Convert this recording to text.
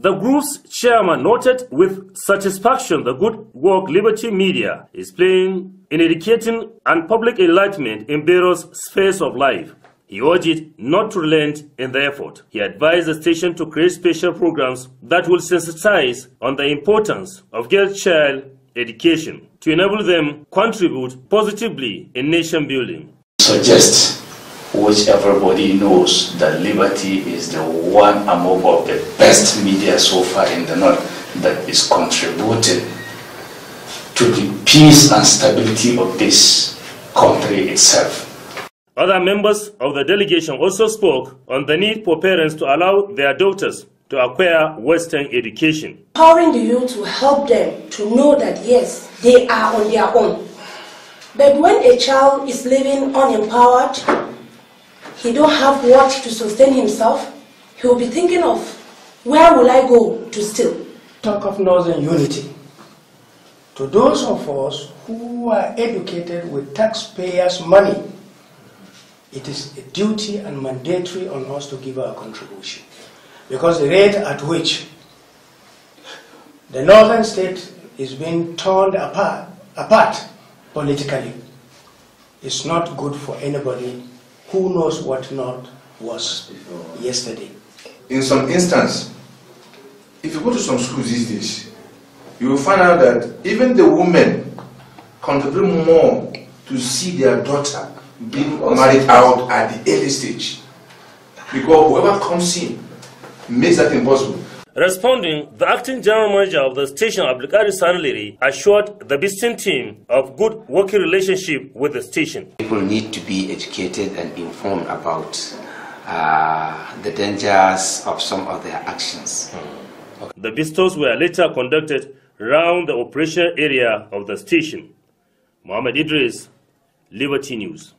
The group's chairman noted with satisfaction the good work Liberty Media is playing in educating and public enlightenment in various space of life. He urged it not to relent in the effort. He advised the station to create special programs that will sensitize on the importance of girl child education to enable them contribute positively in nation building. Suggest which everybody knows that Liberty is the one among the best media so far in the North that is contributing to the peace and stability of this country itself. Other members of the delegation also spoke on the need for parents to allow their daughters to acquire Western education. Empowering the youth to help them to know that yes, they are on their own. But when a child is living unempowered, he don't have what to sustain himself, he will be thinking of where will I go to steal? Talk of Northern unity. To those of us who are educated with taxpayers' money, it is a duty and mandatory on us to give our contribution. Because the rate at which the northern state is being torn apart, apart politically is not good for anybody who knows what not was yesterday. In some instance, if you go to some schools these days, you will find out that even the women contribute more to see their daughter being married out at the early stage. Because whoever comes in makes that impossible. Responding, the acting general manager of the station, Abdulkadir Sanleri, assured the visiting team of good working relationship with the station. People need to be educated and informed about uh, the dangers of some of their actions. Hmm. Okay. The visitors were later conducted round the operational area of the station. Mohammed Idris, Liberty News.